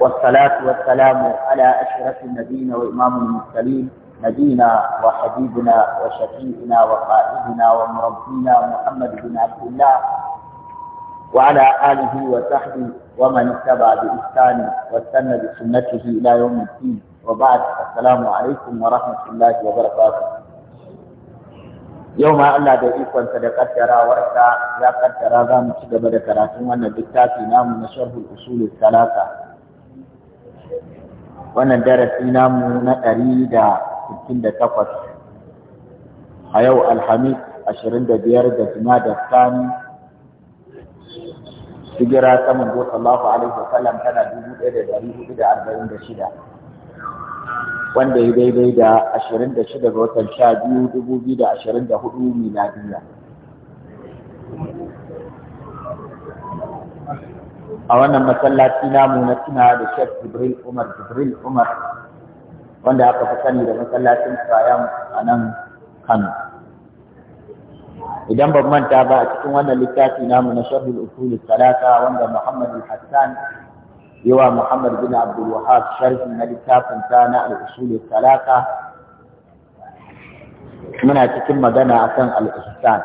والصلاة والسلام على أشرف النبيين وإمام المرسلين نبينا وحبيبنا وشفيعنا وقائدنا ومربينا محمد بن عبد الله وعلى آله وصحبه ومن اتبع بإحسان واستنى بسنته إلى يوم الدين وبعد السلام عليكم ورحمة الله وبركاته يوم الله da ikon sa da ورسا ya kaddara za mu ci gaba da karatun wannan littafi namu wannan darasi namu na ɗari da sittin da takwas a yau alhamis ashirin da biyar da zina da sani Sigira ta manzo sallallahu alaihi wasallam tana dubu ɗaya da ɗari hudu da arba'in da shida wanda ya daidai da ashirin da shida ga watan sha biyu dubu biyu da ashirin da hudu miladiya a wannan masallaci namu na tuna da Sheikh Jibril Umar Jibril Umar wanda aka fi sani da masallacin Bayan a nan Kano idan ban manta ba a cikin wannan littafi namu na Sharh al-Usul Salata wanda Muhammad al-Hassan yawa Muhammad bin Abdul Wahhab sharhi na littafin ta na al-Usul Salata muna cikin magana akan al-ihsan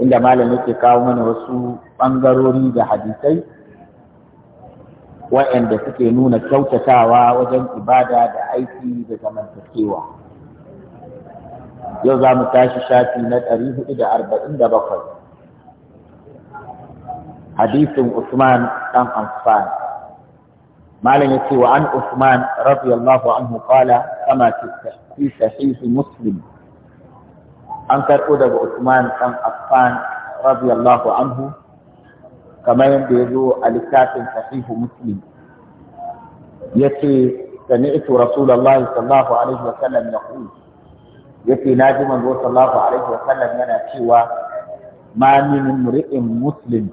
inda malam yake kawo mana wasu bangarori da hadisai waɗanda suke nuna kyautatawa wajen ibada da aiki da zamantakewa yau za mu tashi shafi na 447 hadisin usman dan amfan malam yake wa an usman radiyallahu anhu qala kama fi sahih muslim an karɓo daga Usman ɗan Affan radiyallahu anhu kamar yadda ya zo a littafin sahihu muslim ya ce sami'tu rasulullahi sallallahu alaihi wa sallam ya ku ya ce na ji manzo sallallahu alaihi wa sallam yana cewa ma min mri'in muslim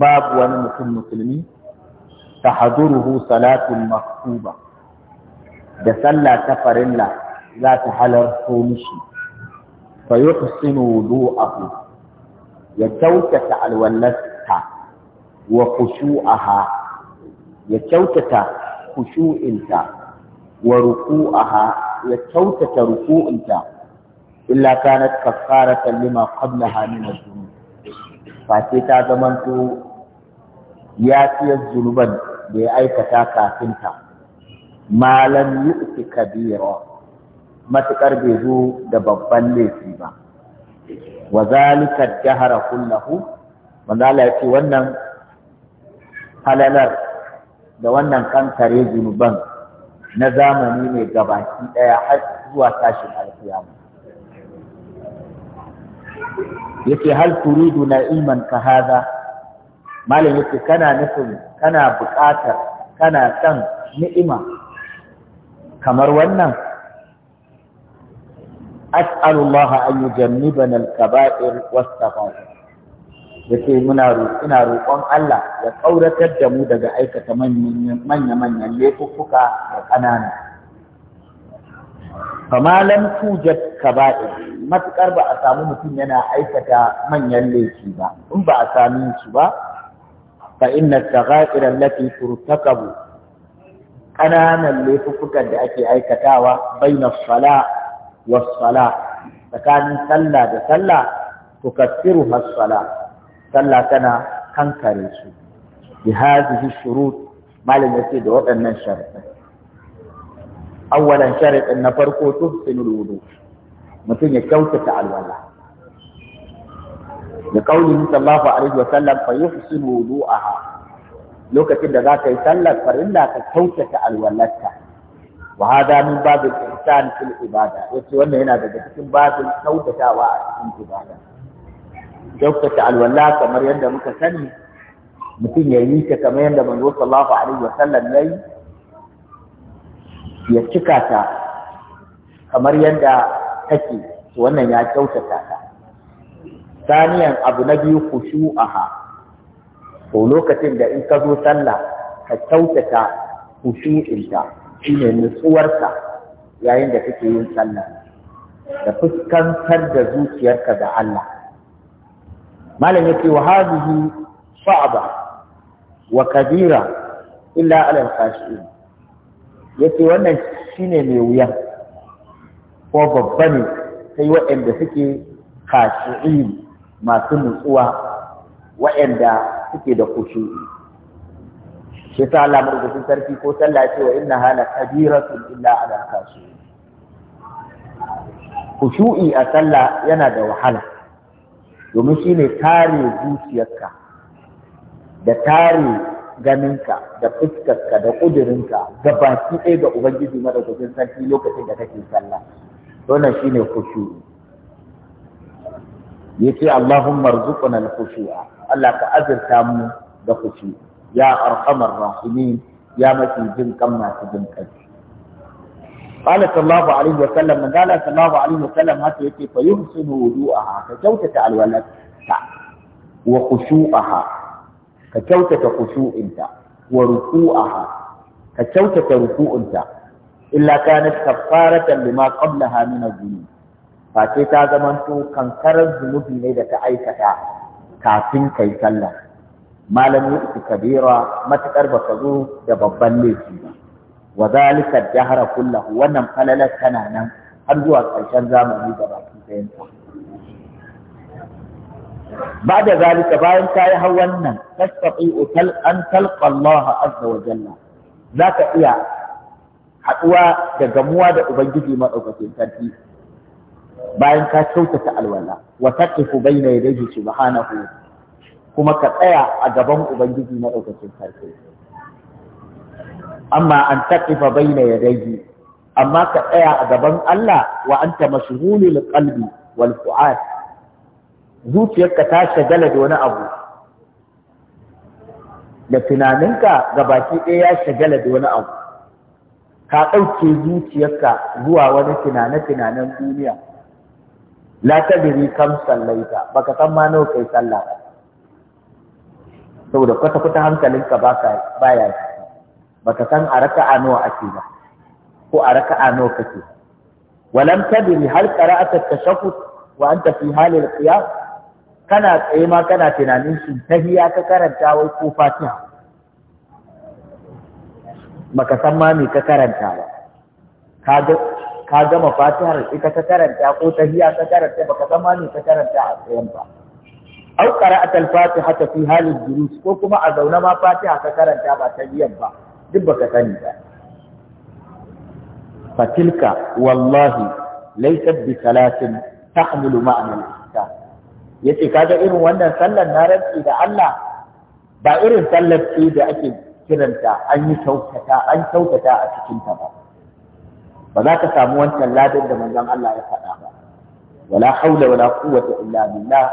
babu wani mutum musulmi tahaduruhu salatun maktuba da sallah ta farilla za ta halarto mishi fa yuhsinu wudu'ahu ya kyautata alwallarsa wa khushu'aha ya kyautata khushu'inta wa ruku'aha ya kyautata ruku'inta illa kanat kaffaratan lima qablaha min adh-dhunub fa sai ta zamanto ya tiyar zunuban da aikata kafinta malam yi matuƙar bai zo da babban laifi ba wa zalika jahara kullahu wanda Allah ya ce wannan halalar da wannan kankare zunuban na zamani ne gabaki daya har zuwa tashin alkiyama yace hal turidu na ka hada malam yake kana nufin kana buƙatar kana san ni'ima kamar wannan as'alullah an yujannibana al-kaba'ir was-sagha'ir yace muna ina roƙon Allah ya ƙauratar da mu daga aikata manya-manyan laifuffuka da ƙanana fama lam tujad kaba'ir matukar ba a samu mutum yana aikata manyan laifi ba in ba a sami su ba fa inna as-sagha'ir allati ƙananan laifuffukan da ake aikatawa bai na والصلاة فكان صلى بصلى تكثرها الصلاة صلى كان كنكر بهذه الشروط ما لم يسيد وأن الشرط أولا شرط أن فرقه تحسن الوضوء متن يكوتك على الولاء لقوله صلى الله عليه وسلم فيحسن وضوءها لو كتب ذاك يسلك فإلا كوتك على الولاء wa hada min babil ihsan fil ibada yace wannan yana daga cikin babin kyautatawa a cikin ibada kyautata alwala kamar yadda muka sani mutum ya yi ta kamar yadda manzo sallallahu alaihi wa sallam yayi ya cika ta kamar yadda take wannan ya kyautata ta saniyan abu na biyu khushu'aha Ko lokacin da in ka zo sallah ka kyautata khushu'inta shine nutsuwarka yayin da kake yin sallah da fuskantar da zuciyarka ga Allah malam yake wa hadhihi sa'aba wa kabira illa alal khashiin yace wannan shine mai wuya ko babba ne sai waɗanda suke khashi'in masu nutsuwa waɗanda suke da kushu'i shi ta Allah madaukakin sarki ko sallah ce wa inna hala kabiratun illa ala kasu khushu'i a sallah yana da wahala domin shine kare zuciyarka da kare ganinka da fuskarka da ƙudurinka ga baki ɗaya ga Ubangiji madaukakin sarki lokacin da kake sallah wannan shine khushu'i yace Allahumma arzuqna al-khushu'a Allah ka azurta mu da khushu'i ya arhamar rahimin ya mafi jin kan masu jin kai qala sallallahu wa sallam man qala sallallahu alaihi wa sallam haka yake fa yuhsinu wudu'aha ka kyautata alwalata wa khushu'aha ka kyautata khushu'inta wa ruku'aha ka kyautata ruku'inta illa kanat kaffaratan lima qablaha min adh-dhunub fa ta zamanto kankarar zunubi ne da ta aikata kafin kai sallah malami uku kabira matuƙar ba zo da babban laifi ba wa zalika dahara kullahu wannan falalar tana nan har zuwa ƙarshen zamani da baki ɗayan ba da zalika bayan ka yi hawan nan tastati utal an talqa azza wa jalla zaka iya haɗuwa da gamuwa da ubangiji madaukakin sarki bayan ka kyautata alwala wa taqifu bayna yadayhi subhanahu kuma ka tsaya a gaban ubangiji na ɗaukacin sarki amma an taqifa baina yadayhi amma ka tsaya a gaban Allah wa anta mashghulul qalbi wal fu'ad zuciyarka ta shagala da wani abu da tunaninka ga baki ɗaya ya shagala da wani abu ka ɗauke zuciyarka zuwa wani tunane-tunanen duniya la tadri kam sallaita baka san ma nawa kai sallah ba saboda kwata-kwata hankalinka baya shi ba ka san a a nawa ake ba ko a a nawa kake walam tadri hal qara'ata at-tashahhud wa anta fi halil qiyam kana tsaye ma kana tunanin shin tahiyya ka karanta wai ko fatiha baka san ma me ka karanta ba ka gama fatihar ita ka karanta ko tahiyya ka karanta baka san ma me ka karanta a tsayen ba au a al-fatiha fi halin julus ko kuma a zauna ma fatiha ka karanta ba ta biyan ba duk baka sani ba fatilka wallahi laysat bi salatin tahmilu ma'na al-ihsan yace kaga irin wannan sallar na rantsi da Allah ba irin sallar ce da ake kiranta an yi kyautata an kyautata a cikin ta ba ba ka samu wancan ladan da manzon Allah ya faɗa ba wala haula wala quwwata illa billah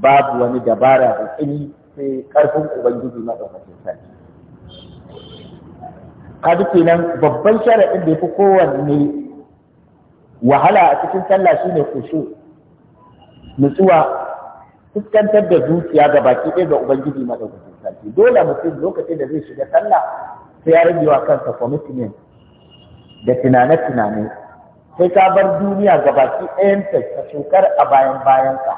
babu wani dabara da tsini sai ƙarfin ubangiji maɗaukakin sarki kaji kenan babban sharaɗin da ya fi kowanne wahala a cikin sallah shi shine kushu nutsuwa fuskantar da zuciya ga baki ɗaya ga ubangiji ɗaukacin sarki dole mutum lokacin da zai shiga sallah sai ya rage wa kansa commitment da tunane-tunane sai ka bar duniya ga baki ɗayan ta shukar a bayan bayansa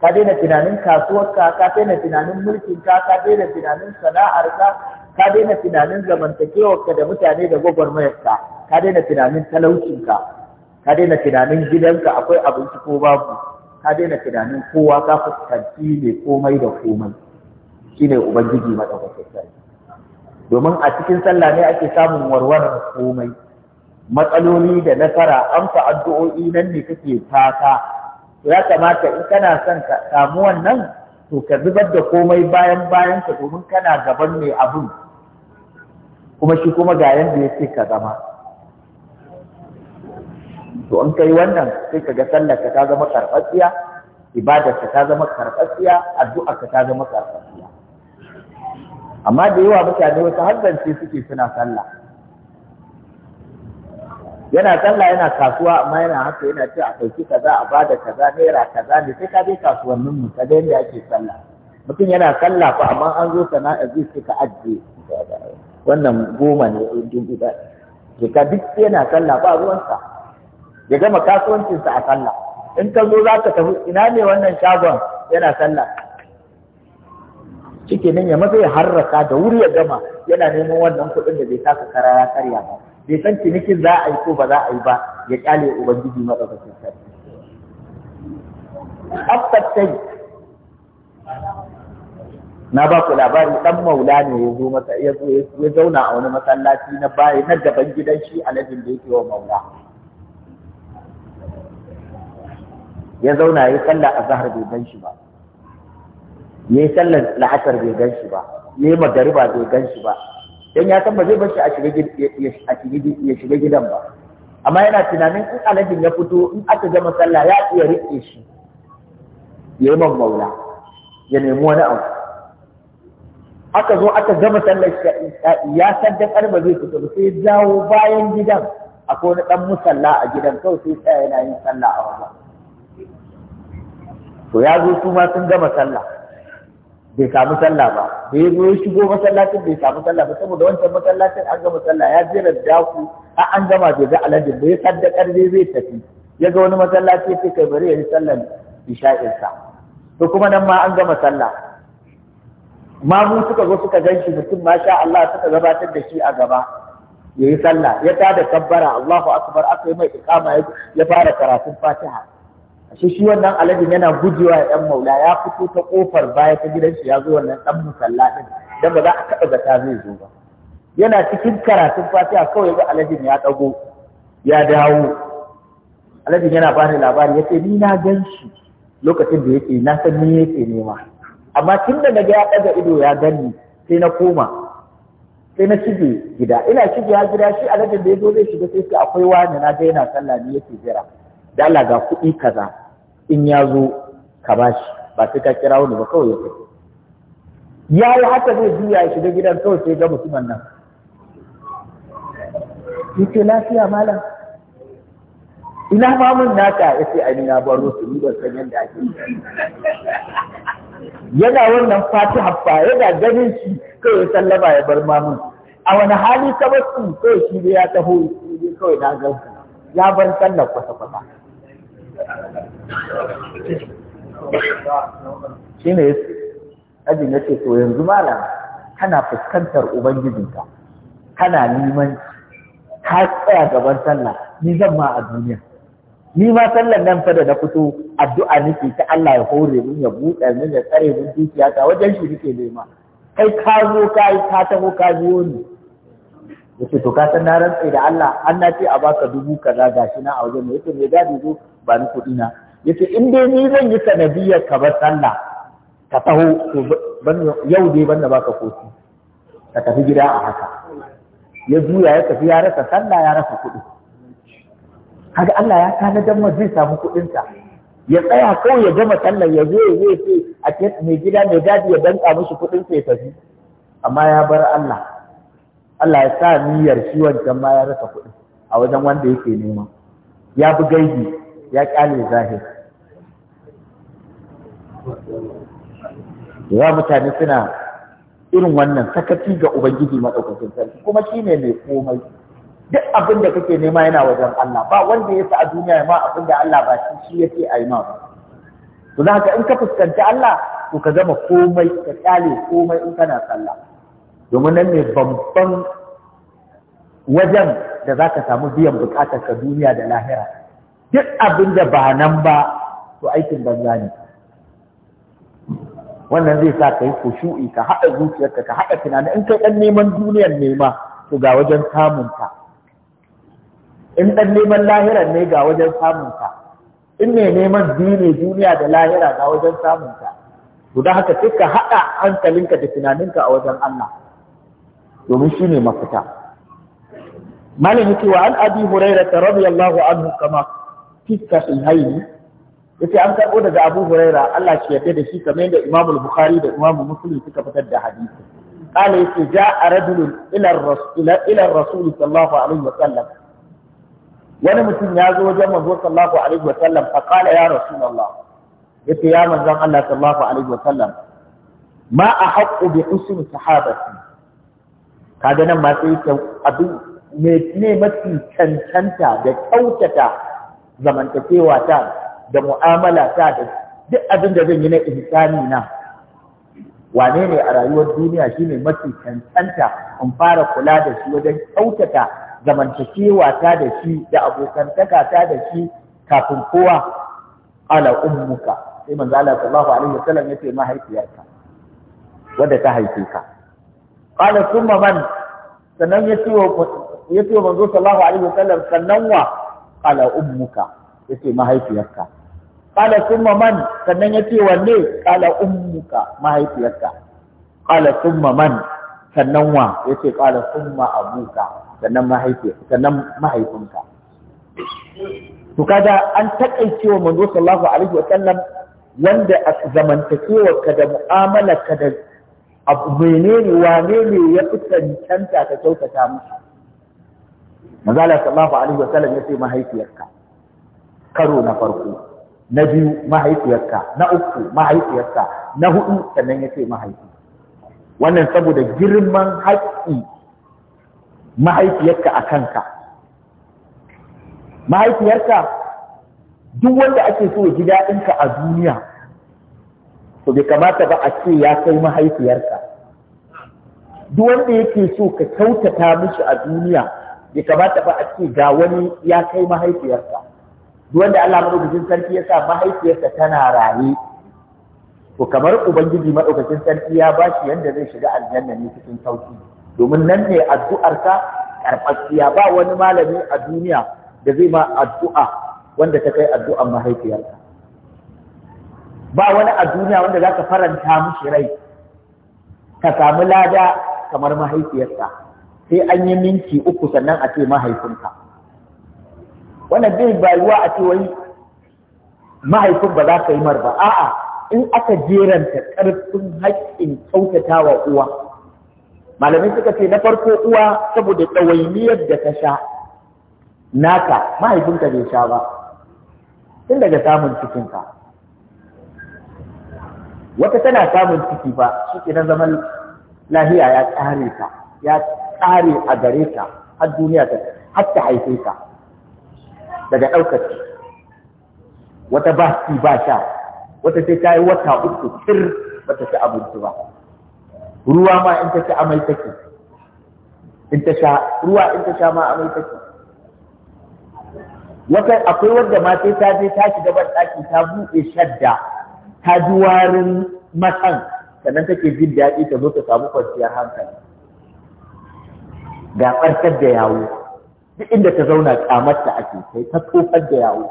ka daina tunanin kasuwarka ka daina tunanin mulkinka ka daina tunanin sana'arka ka daina tunanin zamantakewarka da mutane da gwagwarmayarka ka daina tunanin talaucinka ka daina tunanin gidanka akwai abinci ko babu ka daina tunanin kowa ka fuskanci ne komai da komai shine ubangiji madaukakin sarki domin a cikin sallah ne ake samun warwarar komai matsaloli da nasara fa addu'o'i nan ne kake fata ya kamata in kana son ka samu wannan to ka zubar da komai bayan bayan ka domin kana gaban mai abun kuma shi kuma ga yanda ya ce ka zama to in kai wannan sai ka ga sallar ka ta zama karɓaɓɓiya ibadar ka ta zama karɓaɓɓiya addu'a ka ta zama karɓaɓɓiya amma da yawa mutane wasu hanzarce suke suna sallah yana sallah yana kasuwa amma yana haka yana ce a ɗauki kaza a bada kaza naira kaza ne sai ka je kasuwannin mu ka ga yadda ake sallah mutum yana sallah fa amma an zo sana'a zai ce ka ajiye wannan goma ne dubu ɗaya ke ka duk yana sallah ba ruwansa ya gama kasuwancinsa a sallah in ka zo za ka tafi ina ne wannan shagon yana sallah ciki nan ya maza ya harraka da wuri ya gama yana neman wannan kuɗin da bai taka kara ya karya ba bai san cinikin za a yi ko ba za a yi ba ya kyale ubangiji madaukakin sarki abtattai na ba ku labari ɗan maula ne ya zo masa ya zo ya zauna a wani masallaci na baya na gaban gidan shi alajin da yake wa maula ya zauna ya sallah zahar bai gan shi ba ya yi sallar la'asar bai gan shi ba ya yi magariba bai gan shi ba dan ya san ba zai bashi a shiga gidan ba amma yana tunanin in alhajin ya fito in aka gama sallah ya iya riƙe shi ya yi mammaula, ya nemi wani abu aka zo aka gama sallar ya san da arba zai fito ba sai jawo bayan gidan akwai wani dan musalla a gidan kawai sai tsaya yana yin sallah a wajen to ya zo su ma sun gama sallah bai samu sallah ba da ya zo shigo masallacin bai samu sallah ba saboda wancan masallacin an gama sallah ya jera daku a an gama bai ga alhaji bai ya sadda karbe zai tafi ya ga wani masallaci sai kai bari ya yi sallar isha'insa to kuma nan ma an gama sallah mamu suka zo suka gan shi mutum sha Allah suka gabatar da shi a gaba ya yi sallah ya tada kabbara Allahu akbar aka yi mai ikama ya fara karatun Fatiha ashe shi wannan aladin yana gujewa ya ɗan maula ya fito ta kofar baya ta gidan shi ya zo wannan ɗan musalla da dan ba za a taba zata zai zo ba yana cikin karatun fatiha kawai ga aladin ya ɗago ya dawo aladin yana ba ni labari ya ce ni na gan shi lokacin da yake na san ni yake nema amma tun da ga ya ɗaga ido ya gani sai na koma sai na shige gida ina shige gida shi aladin da ya zo zai shiga sai sai akwai wani na ga yana sallah ni yake jira da Allah ga kuɗi kaza in ya zo ka ba shi ba sai ka kira wani ba kawai ya tafi ya yi haka zai juya ya shiga gidan kawai sai ga musulman nan yace lafiya malam ina mamun naka ya ce ai na baro su ni ban san yadda ake yana wannan fatiha fa yana ganin shi kawai sallama ya bar mamun a wani hali ka basu kawai shi ne ya taho kawai na gan ya bar sallar kwata-kwata shi ne ajin ya ce to yanzu malam kana fuskantar ubangijinka kana neman ka tsaya gaban sallah ni zan ma a duniya ni ma sallan nan fa da na fito addu'a nake ta Allah ya hore min ya buɗe min ya tsare min dukiya ta wajen shi nake nema kai ka zo ka yi ka taho ka biyo ni yace to ka san na rantsa da Allah an ce a baka dubu kaza gashi na a wajen yace me da zo ba ni kuɗi na yace in dai ni zan yi sanadiyar ka bar sallah ka taho to yau dai banda baka kofi ka tafi gida a haka ya juya ya tafi ya rasa sallah ya rasa kuɗi kaga Allah ya dan ma zai samu kuɗin ta ya tsaya kawai ya gama Sallah, ya zo ya ce a ce mai gida mai daji ya danka mishi kuɗin sai tafi amma ya bar Allah Allah ya sa niyyar shi wancan ma ya rasa kuɗi a wajen wanda yake nema ya bi gaibi ya kyale zahir ya mutane suna irin wannan sakaci ga ubangiji maɗaukakin sarki kuma shi ne mai komai duk abin da kake nema yana wajen Allah ba wanda ya sa a duniya ma abin da Allah ba shi shi yake a yi ma ba to za ka in ka fuskanci Allah to ka zama komai ka kyale komai in kana sallah domin nan ne babban wajen da za ka samu biyan bukatar ka duniya da lahira duk abin da ba nan ba to aikin banza ne wannan zai sa ka yi kushu'i ka haɗa zuciyarka ka haɗa tunanin in kai ɗan neman duniyar nema to ga wajen samunta in ɗan neman lahirar ne ga wajen samunta in ne neman dini duniya da lahira ga wajen samunta to don haka sai ka haɗa hankalinka da tunaninka a wajen Allah domin shi ne mafita malam yake wa an abi hurairah radiyallahu anhu kama fi Ya yace an karbo daga Abu Huraira Allah shi yarda da shi kamar yadda Imam Bukhari da Imam Muslim suka fitar da hadisi qala yace ja'a rajulun ila ar-rasul ila ar-rasul sallallahu alaihi wa sallam wani mutum ya zo wajen manzo sallallahu alaihi wa sallam fa qala ya rasulullah yace ya manzon Allah sallallahu alaihi wa sallam ma ahaqqu bi husni sahabati kaga nan ma sai abin ne mafi cancanta da kyautata zamantakewa ta da mu'amala ta da duk abin da zan yi na ihsani na wane ne a rayuwar duniya shi ne mafi cancanta in fara kula da shi wajen kyautata zamantakewa ta da shi da abokantaka ta da shi kafin kowa ala ummuka sai manzo Allah sallallahu alaihi wasallam yace mahaifiyarka wadda ta haife ka qala thumma man sannan yace wa yace manzo sallallahu alaihi wasallam sannan wa ala ummuka yace mahaifiyarka qala thumma man sannan yace wanne qala ummuka mahaifiyarka qala thumma man sannan wa yace qala thumma abuka sannan mahaifi sannan mahaifinka to kaga an takaice wa manzo sallallahu alaihi wa sallam wanda a zamantakewar ka da mu'amala ka da abu menene wane ne ya fi cancanta ka kyautata musu manzala sallallahu alaihi sallam ya ce mahaifiyarka karo na farko na biyu mahaifiyarka na uku mahaifiyarka na hudu sannan ya ce mahaifi wannan saboda girman haƙƙi mahaifiyarka a kanka mahaifiyarka duk wanda ake so ji daɗinka a duniya to bai kamata ba a ce ya kai mahaifiyarka duk wanda yake so ka kyautata mishi a duniya ya kamata ba a ce ga wani ya kai mahaifiyarsa duk wanda Allah madaukakin sarki ya sa mahaifiyarsa tana raye to kamar ubangiji madaukakin sarki ya ba shi yanda zai shiga aljanna ne cikin sauki domin nan ne addu'arsa karɓaɓɓiya ba wani malami a duniya da zai ma addu'a wanda ta kai addu'an mahaifiyarta. ba wani a duniya wanda za ka faranta mishi rai ka samu lada kamar mahaifiyarsa sai an yi minti uku sannan a ce mahaifinka wannan bai bayuwa a ce wai mahaifin ba za ka yi mar ba a'a in aka jeranta ƙarfin haƙƙin kyautata wa uwa malamai suka ce na farko uwa saboda ɗawainiyar da ta sha naka mahaifinka bai sha ba tun daga samun cikinka wata tana samun ciki ba shi ke zaman lahiya ya tsare ta ya ƙare a gare ta har duniya ta har ta haife ta daga ɗaukar wata ba ci ba sha wata sai ta yi wata uku tir bata ci abinci ba ruwa ma in ta ci amai take in ta sha ruwa in ta sha ma amai take wata akwai wanda ma sai ta je ta shiga ban ɗaki ta buɗe shadda ta ji warin matan sannan take jin daɗi ta zo ta samu kwanciyar hankali ga ɓarkar da yawo duk inda ta zauna kamarta ake sai ta tofar da yawo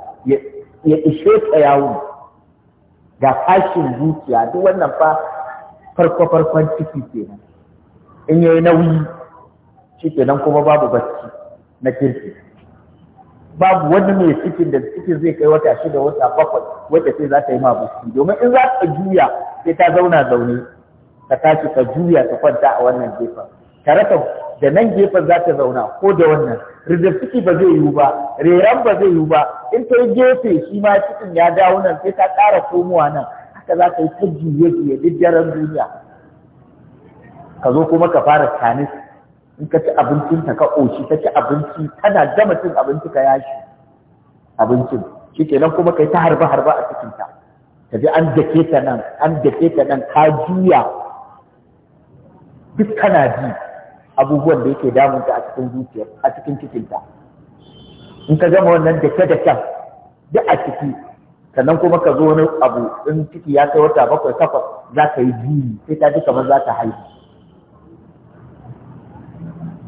ya ishe ta yawo ga fashin zuciya duk wannan fa farko farkon ciki ke nan, in yayi nauyi shi ke nan kuma babu bacci na kirki babu wani mai cikin da cikin zai kai wata shida wata bakwai wata sai za ta yi ma domin in za ta juya sai ta zauna zaune ka tashi ka juya ta kwanta a wannan gefen tare ka da nan gefen za ta zauna ko da wannan ciki ba zai yiwu ba reran ba zai yiwu ba in ta yi gefe shi ma cikin ya dawo nan sai ta ƙara komowa nan haka za ka yi ta juye juye duk daren duniya ka zo kuma ka fara tanis in ka ci abincin ta ka ƙoshi ka ci abinci kana gama cin abinci ka yashi abincin shi kenan kuma kai ta harba harba a cikin ta ka ji an dake ta nan an dake ta nan ka juya duk kana ji abubuwan da yake damunta a cikin zuciyar a cikin cikinta in ka gama wannan da ka da ta duk a ciki sannan kuma ka zo wani abu in ciki ya kai wata bakwai takwas za ka yi jini sai ta ji kamar za ta haihu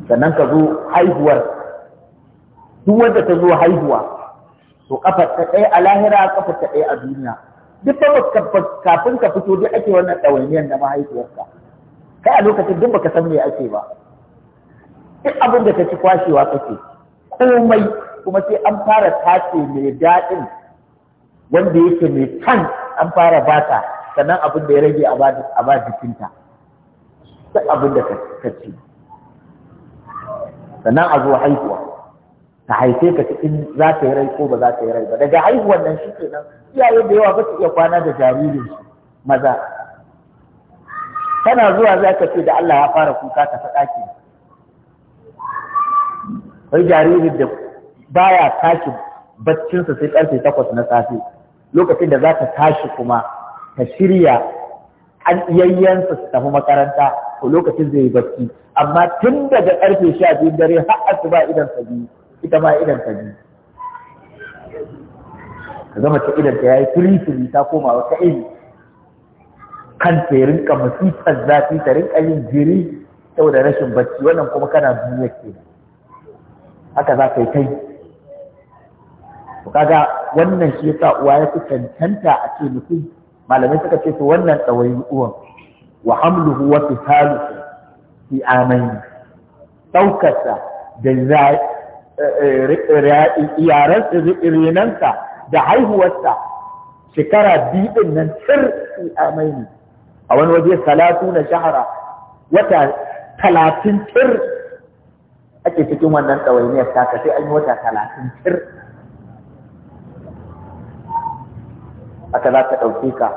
sannan ka zo haihuwar duk wanda ta zo haihuwa to kafar ta ɗaya a lahira kafar ta ɗaya a duniya duk ba kafin ka fito duk ake wannan ɗawainiyar na mahaifiyarka kai a lokacin duk baka san me ake ba duk abin da ka ci kwashewa kake komai kuma sai an fara tace mai daɗin wanda yake mai kan an fara bata sannan abin da ya rage a ba jikinta duk abin da ka ci sannan a zo haihuwa ta haife ka cikin za ta yi rai ko ba za ta yi rai ba daga haihuwan nan shi nan, iyaye da yawa ba su iya kwana da jaririn su maza tana zuwa za ka ce da Allah ya fara kuka ta faɗa ke Wai jaririn da baya tashi baccinsa sai karfe takwas na safe lokacin da za ta tashi kuma ka shirya an yayyansa su tafi makaranta ko lokacin zai yi bacci amma tun daga karfe sha biyu dare har asuba idan ta biyu ita ma idan ta biyu ka zama ta idan ta yayi turi ta koma wata iri kan ta rinka masifar zafi ta rinka yin jiri saboda rashin bacci wannan kuma kana duniya kenan haka za ka yi kai kaga wannan shi yasa uwa ya fi cancanta a ce mutum malamai suka ce to wannan tsawayin uwan wa hamluhu wa fisaluhu fi amain daukarsa da eh, eh, yaran da haihuwarsa shekara biyu din nan sir fi amain a wani waje salatu na shahara wata talatin sir ake cikin wannan ɗawainiyar taka sai an yi wata talatin tir haka za ta ɗauke ka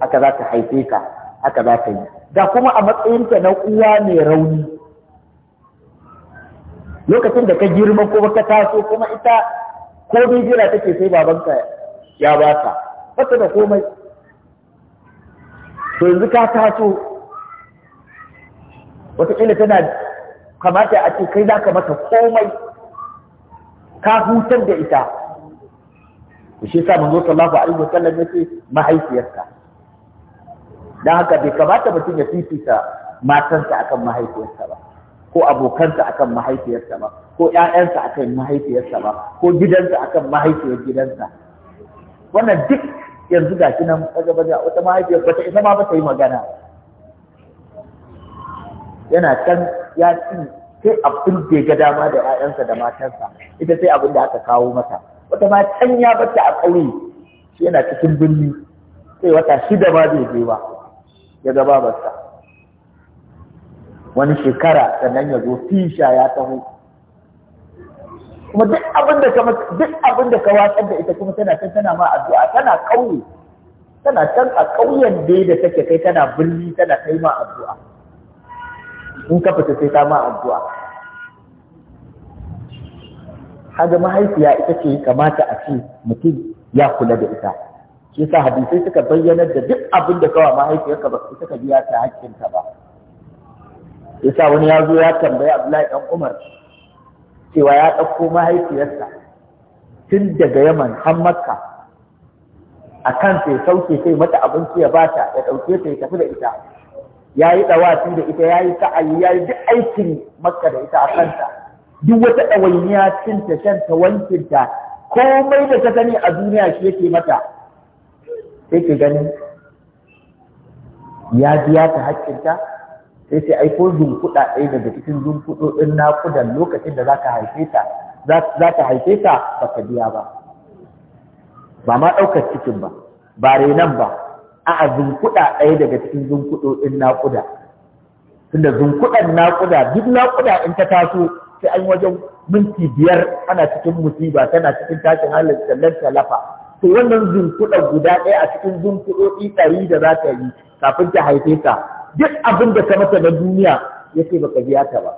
haka za ta haife ka haka za ta yi da kuma a matsayinka na uwa mai rauni lokacin da ka girma ko ka taso kuma ita ko dai jira take sai babanka ya ba ta bata da komai to yanzu ka taso wataƙila tana kamata a ce kai za ka mata komai ka hutar da ita shi zo manzo sallallahu alaihi wasallam yace mahaifiyarka dan haka bai kamata mutum ya fifita matansa akan mahaifiyarsa ba ko abokansa akan mahaifiyarsa ba ko ƴaƴansa akan mahaifiyarsa ba ko gidansa akan mahaifiyar gidansa wannan duk yanzu ga shi nan wata baja wata mahaifiyar bata isa ma ta yi magana yana can ya ci sai abin da ga dama da 'ya'yansa da matansa, ita sai abin da aka kawo mata wata ma can ya bata a ƙauye shi yana cikin birni sai wata shida ma bai je ba ya ga babarsa wani shekara sannan ya zo fisha ya taho kuma duk abin da ka duk abin da ka watsar da ita kuma tana can tana ma addu'a tana ƙauye tana can a ƙauyen dai da take kai tana birni tana kai ma addu'a in ka fita sai ta ma addu'a kaga mahaifiya ita ce kamata a ce mutum ya kula da ita shi yasa hadisai suka bayyana da duk abin da kawai mahaifiyarka ba ita ka biya ta hakkin ta ba yasa wani ya zo ya tambaya Abdullahi dan Umar cewa ya ɗauko mahaifiyarsa tun daga Yaman har Makka a kan sai sauke sai mata abinci ya bata ya ɗauke ta ya tafi da ita ya yi ɗawafi da ita ya yi sa'ayi ya yi duk aikin Makka da ita a kanta duk wata ɗawainiya cinta shanta wankinta komai da ta sani a duniya shi yake mata sai ke ganin ya biya ta ta, sai sai aiko zunkuɗa ɗaya daga cikin zunkuɗoɗin naƙudan lokacin da za ka haife ta za ta haife ba ka biya ba ba ma ɗaukar cikin ba ba renan ba a'a zunkuɗa ɗaya daga cikin zunkuɗoɗin naƙuda tunda zunkuɗan naƙuda duk naƙuda in ta taso sai an wajen minti biyar ana cikin musiba tana cikin tashin halin sallar talafa to wannan zunkuɗa guda ɗaya a cikin zunkuɗoɗi ɗari da za ta yi kafin ta haife ka duk abin da ta mata na duniya ya ce baka biya ta ba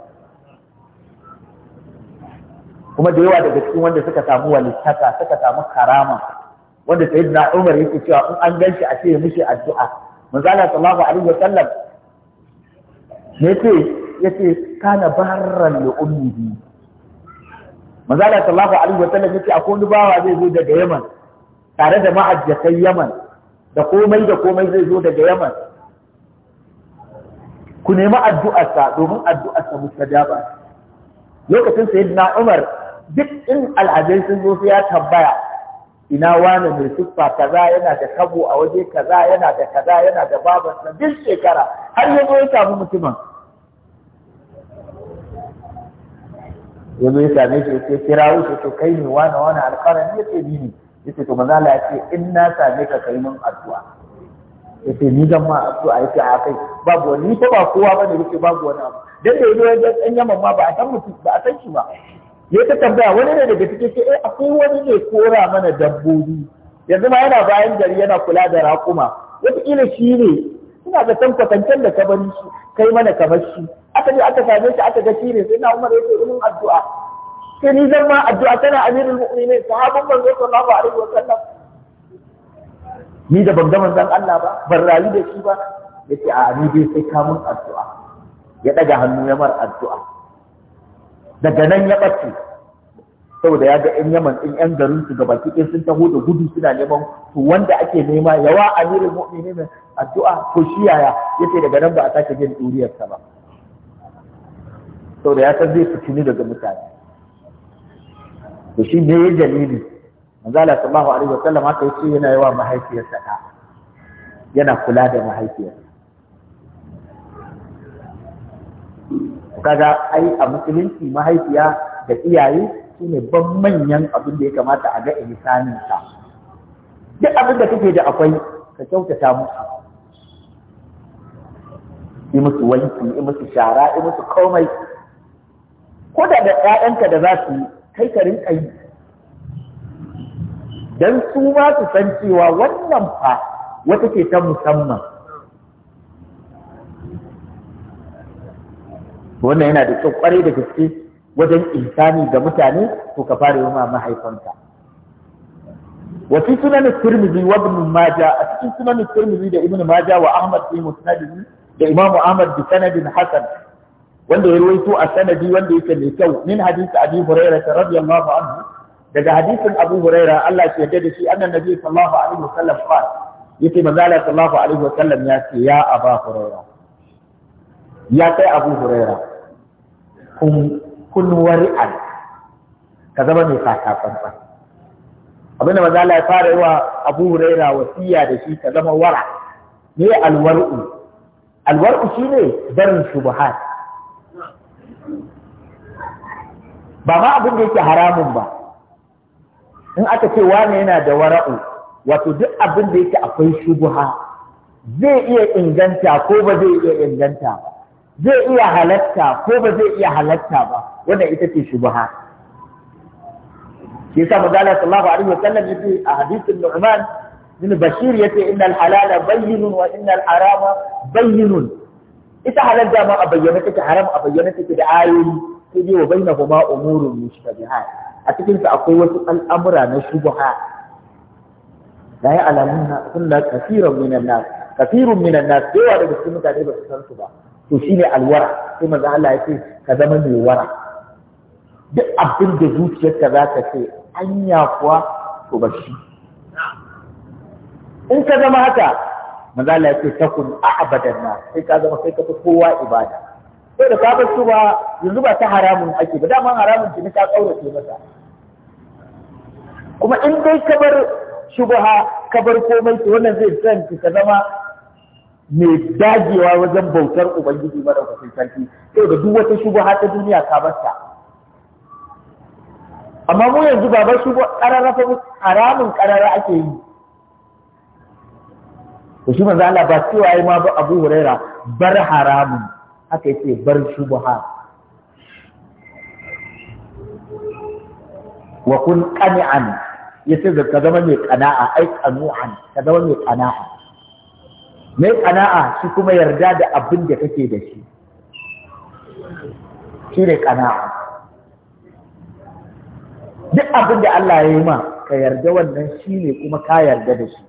kuma da yawa daga cikin wanda suka samu walittaka suka samu karama wanda na Umar yake cewa in an ganshi a ce mishi addu'a manzo sallallahu alaihi Sallam ne ce yace kana barran da ummihi manzo Allah sallallahu alaihi sallam yace akwai wani bawa zai zo daga Yaman tare da ma'ajjatai Yaman da komai da komai zai zo daga Yaman ku nemi addu'arsa domin addu'arsa mustajaba lokacin sayyidina Umar duk in al'adai sun zo sai ya tambaya ina wani mai siffa kaza yana da kabo a waje kaza yana da kaza yana da babansa duk shekara har yanzu ya samu mutumin ya zo ya same shi ya ce kirawo to kai ne wani wani alƙarami ya ce ni ne ya ce to maza la ya ce in na same ka kai min addu'a ya ce ni zan ma addu'a ya ce a kai babu wani ita ba kowa ba ne ya ce babu wani abu dan da yazo ya ɗan yaman ma ba a san mutum ba a san shi ba ya ta tambaya wani ne daga cikin ce eh akwai wani ne kora mana dabbobi yanzu ma yana bayan gari yana kula da raƙuma wataƙila shi ne ina ga san kwatancen da ka bari shi kai mana kamar shi aka je aka same shi aka ga shi ne sai na Umar yake ilimin addu'a sai ni zan ma addu'a tana amirul mu'minin sahabban manzo sallallahu alaihi sallam ni da ban ga manzon Allah ba ban rayu da shi ba yace a ni dai sai ka mun addu'a ya daga hannu ya mar addu'a daga nan ya bace saboda ya ga yan Yaman ɗin yan garin su gaba cikin sun taho da gudu suna neman to wanda ake nema yawa amirul mu'minin addu'a ko shi yaya yace daga nan ba a sake jin duriyar sa ba saboda ya san zai fitini daga mutane to shi ne ya dalili manzo Allah sallallahu alaihi wasallam haka yace yana yawa mahaifiyarsa da yana kula da mahaifiyarsa kaga ai a musulunci mahaifiya da iyaye su ne ban manyan abin da ya kamata a ga ihsanin sa duk abin da kake da akwai ka kyautata musu yi musu wanki yi musu shara yi musu komai ko da da ƴaƴanka da za su yi kai ka rinka yi dan su ma su san cewa wannan fa wata ke ta musamman wannan yana da kyau kwarai da gaske wajen insani ga mutane to ka fara yi ma mahaifanka wa fi sunan tirmidhi wa ibn majah a cikin sunan tirmidhi da ibn majah wa ahmad fi musnadihi da imam ahmad bi sanadin hasan wanda ya ruwaito a sanadi wanda yake mai kyau min hadisi abi hurairah radiyallahu anhu daga hadisin abu hurairah Allah ya yarda da shi Annan annabi sallallahu alaihi wasallam fa yace manzo Allah sallallahu alaihi wasallam ya ce ya aba hurairah ya kai abu hurairah kun kun wari'an ka zama mai fata fanfa abin da manzo Allah ya fara yi wa abu hurairah wasiya da shi ka zama wara ne alwar'u alwar'u shine barin shubuhat ba ma abin da yake haramun ba in aka ce wane yana da wara'u wato duk abin da yake akwai shubuha zai iya inganta ko ba zai iya inganta ba zai iya halatta ko ba zai iya halatta ba wanda ita ce shubuha shi yasa manzo sallallahu alaihi wasallam yace a hadisin Nu'man bin Bashir yace innal halala bayyinun wa innal harama bayyinun ita halal da ma a bayyana take haram a bayyana take da ayoyi sai dai wa bainahuma umurun mushtabihat a cikin sa akwai wasu al'amura na shubha la ya'lamuna suna kaseeran minan nas kaseerun minan nas yawa daga cikin mutane ba su san su ba to ne alwara sai maza Allah ya ce ka zama mai wara duk abin da zuciyarka za ka ce anya kuwa to ba shi in ka zama haka maza Allah ya ce takun a'badan na" sai ka zama sai ka fi kowa ibada sai da ka bar su ba yanzu ba ta haramun ake ba dama haramun ki ka kaurace masa kuma in dai ka bar shubaha ka bar komai to wannan zai san ka zama mai dagewa wajen bautar ubangiji kusan sarki sai da duk wata shubaha ta duniya ka bar ta amma mu yanzu ba bar shubaha karara fa haramun karara ake yi to shi manzo Allah ba cewa ai ma ba Abu Huraira bar haramun aka ce bar shubuha wa kun qani'an yace ka zama mai qana'a ai qanu'an ka zama mai qana'a mai qana'a shi kuma yarda da abin da kake da shi shi ne qana'a duk abin da Allah ya yi ma ka yarda wannan shi ne kuma ka yarda da shi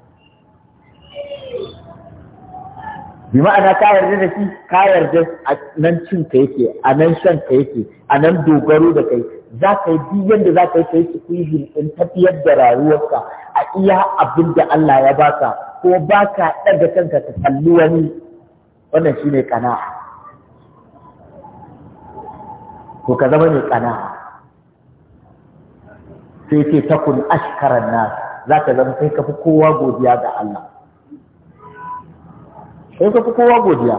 bi ma'ana ka yarda da shi ka yarda a nan cin ka yake a nan shan ka yake a nan dogaro da kai za ka yi duk yadda za ka yi kai yi in tafiyar da rayuwarka a iya abin da Allah ya baka ko baka ɗaga kanka ka kalli wani wannan shine kana'a ko ka zama mai kana'a sai ce takun ashkaran nas za ka zama sai ka fi kowa godiya ga Allah sai ka fi kowa godiya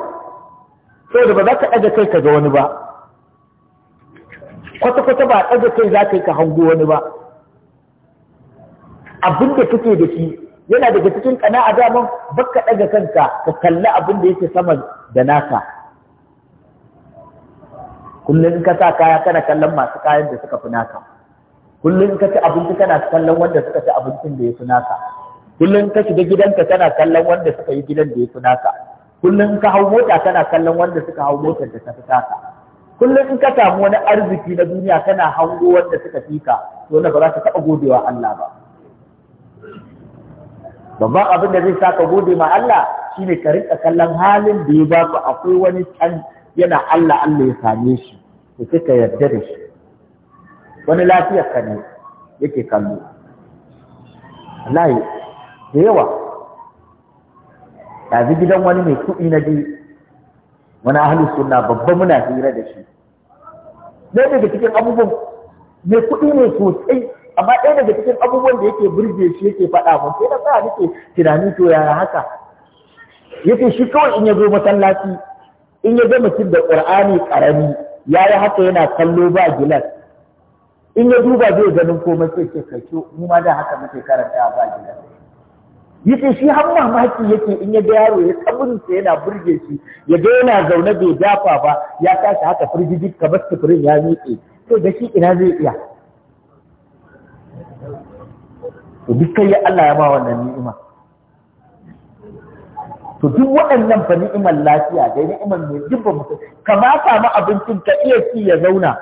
da ba za ka ɗaga kai ka ga wani ba kwata-kwata ba ɗaga kai za ka yi ka hango wani ba abin da kake da shi yana daga cikin ƙana'a daman ka ɗaga kanka ka kalli abin da yake sama da naka kullum in ka sa kaya kana kallon masu kayan da suka fi naka kullum in ka ci abinci kana kallon wanda suka ci abincin da ya fi naka kullum in ka shiga gidanka kana kallon wanda suka yi gidan da ya fi naka kullum in ka hau mota kana kallon wanda suka hau motar da ta fi taka kullum in ka samu wani arziki na duniya kana hango wanda suka fika to na ba za ka taɓa godewa Allah ba babban abin da zai sa ka gode ma Allah shine ka rinka kallon halin da ya baka akwai wani can yana Allah Allah ya same shi to sai ka yarda da shi wani lafiyar ka ne yake kallo Allah da yawa ɗazu gidan wani mai kuɗi na biyu wani ahalin suna babba muna hira da shi ɗaya daga cikin abubuwan mai kuɗi ne sosai amma ɗaya daga cikin abubuwan da yake burge shi yake faɗa mun sai da sa nake tunani to yaya haka yake shi kawai in ya zo masallaci in ya ga mutum da ƙur'ani ƙarami ya yi haka yana kallo ba gilas in ya duba zai ganin komai sai ke kai mu ma da haka muke karanta ba gilas ce shi har mamaki yake in ya ga yaro ya kabin sa yana burge shi ya ga yana zaune bai dafa ba ya tashi haka firgijik ka bar sifirin ya miƙe to da shi ina zai iya to duk kai Allah ya ba wannan ni'ima to duk waɗannan fa ni'imar lafiya da ni'imar mai dubba mutum ka ma samu abincin ka iya ci ya zauna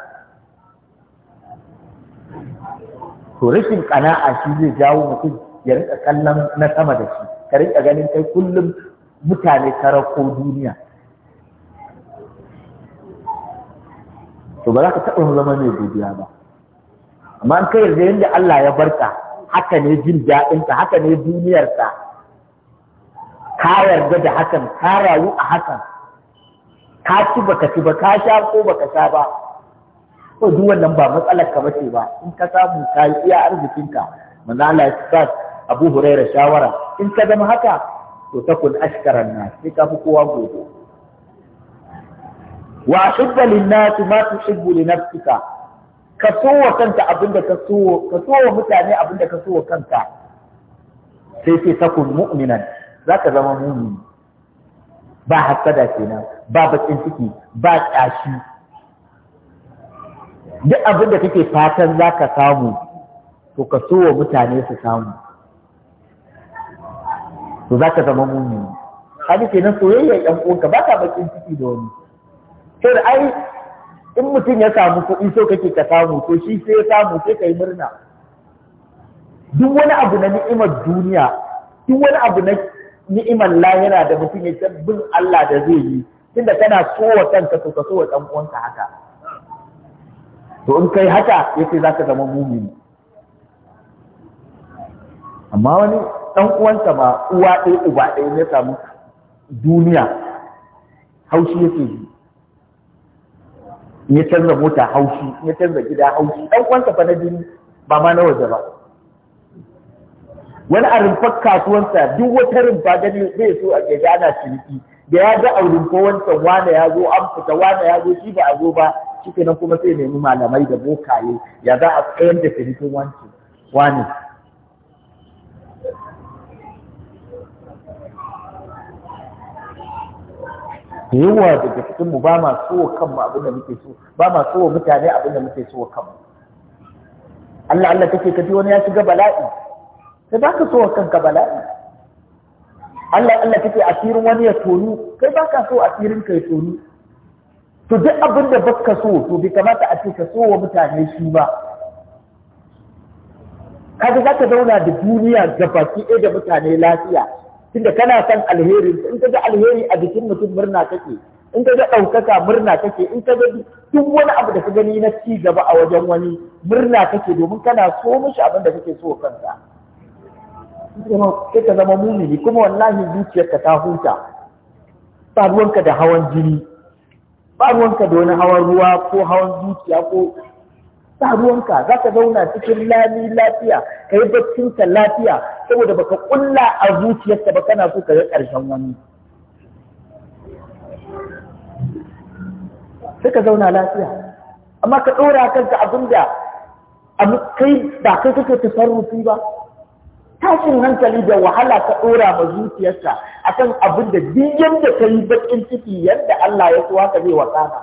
to rashin ƙana'a shi zai jawo mutum ya rika kallon na sama da shi ka rika ganin kai kullum mutane karako duniya to ba za ka taɓa zama mai godiya ba amma an kai yanzu yadda Allah ya barka haka ne jin daɗinka haka ne duniyarka ka yarda da hakan ka rayu a hakan ka ci baka ci ba ka sha ko baka sha ba ko duk wannan ba matsalar ka bace ba in ka samu ka yi iya arzikinka manzo Allah ya abu huraira shawara in ka zama haka to takun ashkaran nas sai ka fi kowa gobe wa shidda lin nas ma shibbu li nafsika ka so wa kanta abinda ka so ka so wa mutane abinda ka so wa kanka sai sai takun mu'minan zaka zama mu'min ba hasada kenan ba bakin ciki ba tsashi duk abinda kake fatan zaka samu to ka so wa mutane su samu to za ka zama mumini kaji kenan soyayya yan uwanka ba ka bakin ciki da wani sai da ai in mutum ya samu kuɗi so kake ka samu to shi sai ya samu sai ka yi murna duk wani abu na ni'imar duniya duk wani abu na ni'imar lahira da mutum ya san bin Allah da zai yi tunda kana so wa kanka to ka so wa uwanka haka to in kai haka yace ka zama mumini amma wani ɗan uwansa ma uwa ɗaya uba ɗaya ya samu duniya haushi yake yi ya canza mota haushi ya canza gida haushi ɗan uwansa fa na jini ba ma na waje ba wani a rumfar kasuwansa duk wata rumfa gani zai so a gaga ana ciniki da ya ga a rumfar wancan wane ya zo an fita wane ya zo shi ba a zo ba shi kenan kuma sai nemi malamai da bokaye ya za a tsayar da cinikin wancan wane da yawa daga cikinmu mu ba ma so kanmu abin da muke so ba ma so mutane abin da muke so kanmu Allah Allah kake kaji wani ya shiga bala'i sai baka so so kanka bala'i Allah Allah kake asirin wani ya tonu kai baka so asirin kai tonu to duk abin da baka so to bai kamata a ce ka so wa mutane shi ba kaga zaka zauna da duniya gabaki ɗaya da mutane lafiya tunda kana son alheri in ka ga alheri a jikin mutum murna kake in ka ga ɗaukaka murna kake in ka ga duk wani abu da ka gani na ci gaba a wajen wani murna kake domin kana so mishi abin da kake so kanka sai ka zama mumini kuma wallahi zuciyarka ta huta ba ruwanka da hawan jini ba ruwanka da wani hawan ruwa ko hawan zuciya ko sa ruwanka za ka zauna cikin lami lafiya ka yi baccinka lafiya saboda baka kulla a zuciyarka ba kana so ka ga ƙarshen wani ka zauna lafiya amma ka ɗora kanka abin da kai ba kai kake tasarrufi ba tashin hankali da wahala ka ɗora ma zuciyarka akan abin da duk yadda ka yi baƙin ciki yadda Allah ya kuwa ka zai wakana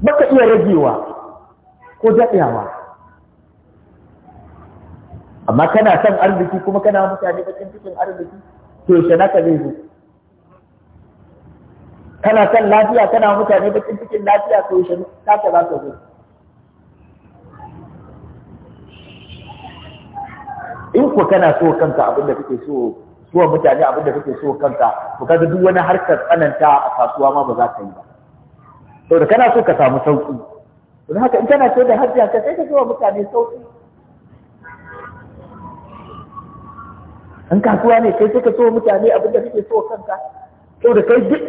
baka iya ragewa ko daɗewa amma kana son arziki kuma kana mutane bakin cikin arziki to shi naka zai zo kana son lafiya kana mutane bakin cikin lafiya to shi naka za ka zo in ko kana so kanka abin da kake so so mutane abin da kake so kanka ku kaga duk wani harkar tsananta a kasuwa ma ba za ka yi ba saboda kana so ka samu sauki don haka in kana so da hajjiyar ka sai ka wa mutane sauki in kasuwa ne kai suka so mutane abin da kake so kanka to da kai duk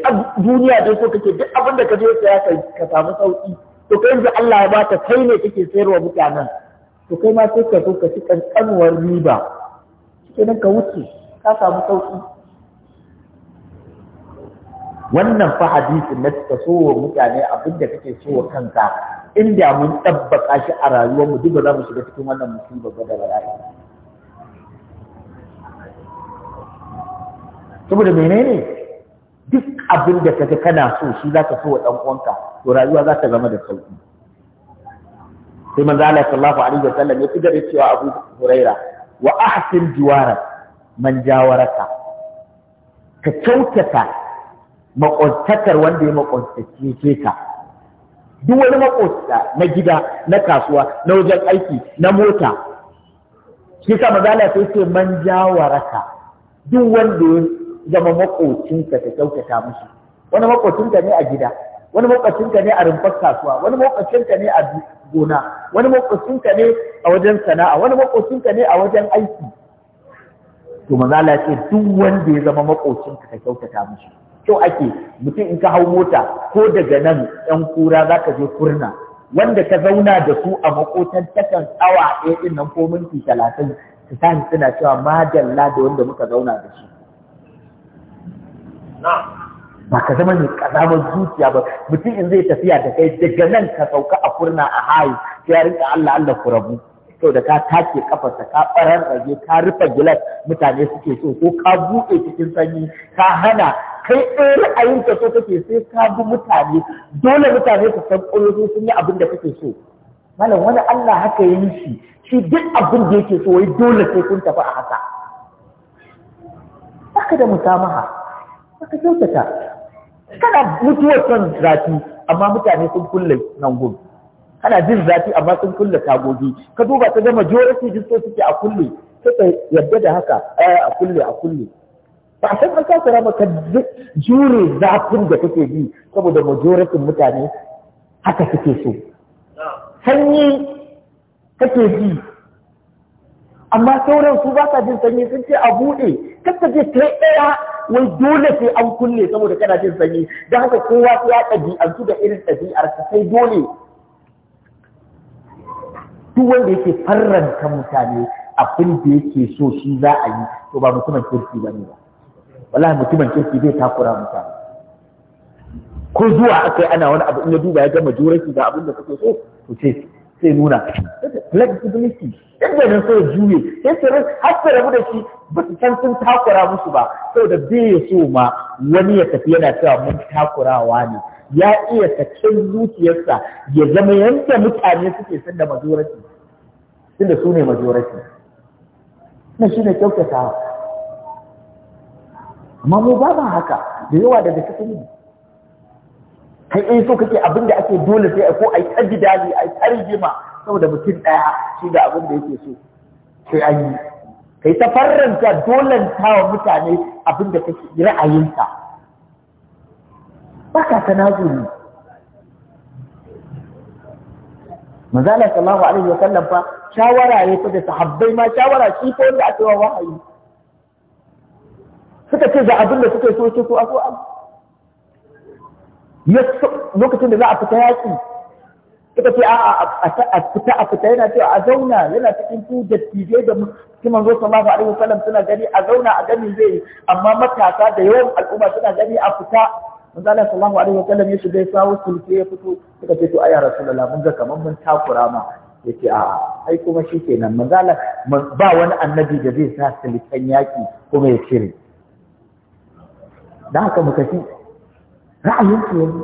duniya da so kake duk abin da ka je saya ka samu sauki to kai yanzu Allah ya baka kai ne kake sayarwa mutanen to kai ma sai ka so ka ci kankanuwar riba kenan ka wuce ka samu sauki wannan fa hadisin na ka so wa mutane abin da kake so wa kanka inda mun tabbaka shi a rayuwar mu duka za mu shiga cikin wannan musibar ga da rayuwa. saboda menene duk abin da kana so shi za ka so wa dan uwanka to rayuwa za ta zama da sauki sai manzo Allah sallallahu alaihi Sallam ya kidare cewa Abu Huraira wa ahsin jiwara man jawaraka ka kyautata maƙwabtakar wanda ya maƙwabtace ka duk wani maƙwabta na gida na kasuwa na wajen aiki na mota shi ka magana sai ce man raka duk wanda ya zama maƙwabcinka ta kyautata mashi. wani maƙwabcinka ne a gida wani maƙwabcinka ne a rumfar kasuwa wani maƙwabcinka ne a gona wani maƙwabcinka ne a wajen sana'a wani maƙwabcinka ne a wajen aiki to maza ce duk wanda ya zama maƙwabcinka ka kyautata mashi. kyau ake mutum in ka hau mota ko daga nan yan kura za ka je kurna wanda ka zauna da su a makotan takan awa ɗaya ɗin nan ko minti talatin su sani suna cewa madalla da wanda muka zauna da shi ba ka zama mai kazamar zuciya ba mutum in zai tafiya da kai daga nan ka sauka a kurna a hayi sai ya rinka Allah Allah ku rabu sau da ka take kafarsa ka ɓarar rage ka rufe gilas mutane suke so ko ka buɗe cikin sanyi ka hana kai ɗaya ra'ayin ka so kake sai ka bi mutane dole mutane su san ƙwayoyi sun yi abin da kake so malam wani Allah haka yi shi shi duk abin da yake so wai dole sai kun tafi a haka baka da musamaha baka kyautata kana mutuwar son zafi amma mutane sun kulle nan gudu kana jin zafi amma sun kulle tagogi ka duba ta gama majority so suke a kulle suka yadda da haka eh, a kulle a kulle ba san an kasa rama ka jure zafin da kake bi saboda majoratin mutane haka suke so sanyi kake bi, amma sauran su ba sa jin sanyi sun ce a buɗe kasa je kai ɗaya wai dole sai an kulle saboda kana jin sanyi don haka kowa ya su da irin ɗabi'ar ka sai dole duk wanda yake farranta mutane abin da yake so shi za a yi to ba mutumin kirki ba ne ba wallahi mutumin kirki zai takura mutane ko zuwa aka yi ana wani abu in ya duba ya gama jurarki ga abin da kake so to ce sai nuna flexibility inda nan sai juye sai su har su rabu da shi ba su san sun takura musu ba saboda bai ya so ma wani ya tafi yana cewa mun takurawa ne ya iya sakin zuciyarsa ya zama yanda mutane suke san da majority tunda su ne majority na shi ne kyautata. amma mu ba ma haka da yawa daga cikin kai in so kake abin da ake dole sai ko ai tsaji dali ai tarjima saboda mutum daya shi da abin da yake so sai an yi kai ta farranta dolanta wa mutane abin da kake ra'ayinka baka tanazuri manzala sallallahu alaihi wa sallam fa shawara ya fi da sahabbai ma shawara shi ko wanda ake wa wahayi suka ce ga abin da suka so su a aso an lokacin da za a fita yaƙi suka ce a fita a fita yana cewa a zauna yana cikin su dattijai da su manzo sallallahu alaihi wasallam suna gani a zauna a gani zai yi amma matasa da yawan al'umma suna gani a fita manzo Allah sallallahu alaihi wasallam ya shiga ya sawo sulke ya fito suka ce to ayya rasulullah mun ga kamar mun takura ma ya ce a ai kuma shikenan manzo Allah ba wani annabi da zai sa sulken yaƙi kuma ya cire da haka mu fi ra'ayin su yanzu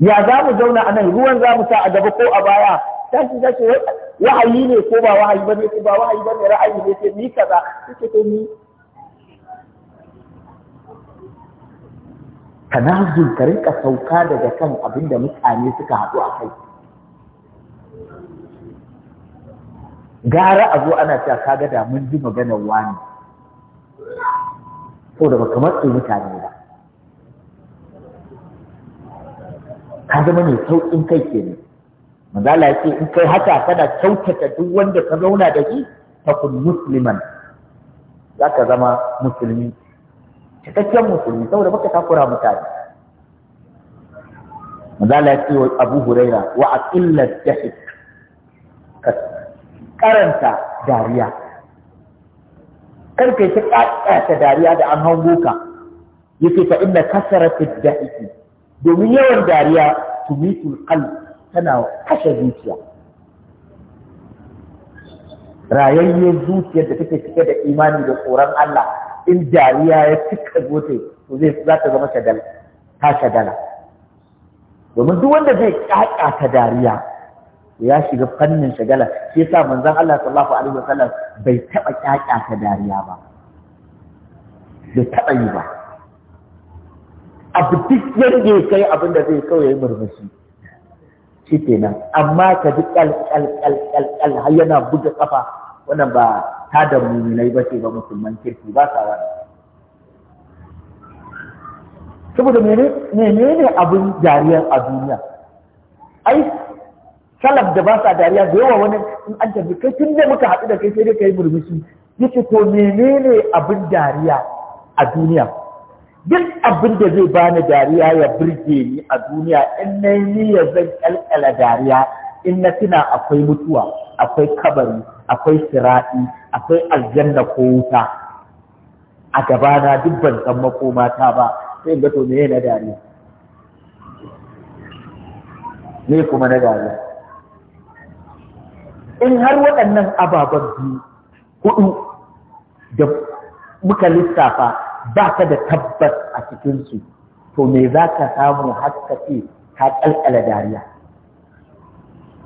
ya za mu zauna a nan ruwan za mu sa a gaba ko a baya tashi za ce wa'ayi ne ko ba wa'ayi ba ne ko ba wa'ayi ba ne ra'ayi ne ce ni kaza suke ko ni jin ka rinka sauka daga kan abin da mutane suka haɗu a kai gara a zo ana cewa kaga da mun ji maganar wani saboda baka matsi mutane ba ka zama mai sauƙin kai ke Maza manzala ya ce in kai haka kana kyautata duk wanda ka zauna da shi kun musliman za ka zama musulmi cikakken musulmi saboda baka takura mutane manzala ya ce wa abu huraira wa aqillat dahik ka karanta dariya kar kai ta kakata dariya da an hango ka yake fa inna kasaratul dahiki domin yawan dariya tumitul qalb tana kashe zuciya rayayye zuciyar da take cike da imani da tsoron Allah in dariya ya cika gote to zai za zama shagala ta shagala domin duk wanda zai kakata dariya ya shiga fannin shagala shi yasa manzon Allah sallallahu alaihi wasallam bai taba kyakya ta dariya ba bai taba yi ba abu duk yadda ya kai abin da zai kawai yi murmushi shi kenan amma ka ji kal kal kal kal kal har yana buga kafa wannan ba ta da muminai ba ce ba musulman kirki ba sa wani saboda menene abin dariyar a duniya ai salaf da ba sa dariya da yawa wani in an tafi kai tun da muka haɗu da kai sai dai ka yi murmushi yace to menene abin dariya a duniya duk abin da zai bani dariya ya birge ni a duniya in na yi ya zan ƙalƙala dariya in na tuna akwai mutuwa akwai kabari akwai sira'i akwai aljanna ko wuta a gabana duk ban san ta ba sai in ga to me na dariya me kuma na dariya in har waɗannan ababen biyu hudu da muka lissafa ba ka da tabbas a cikinsu to me za ka samu haska ce ka kalkala dariya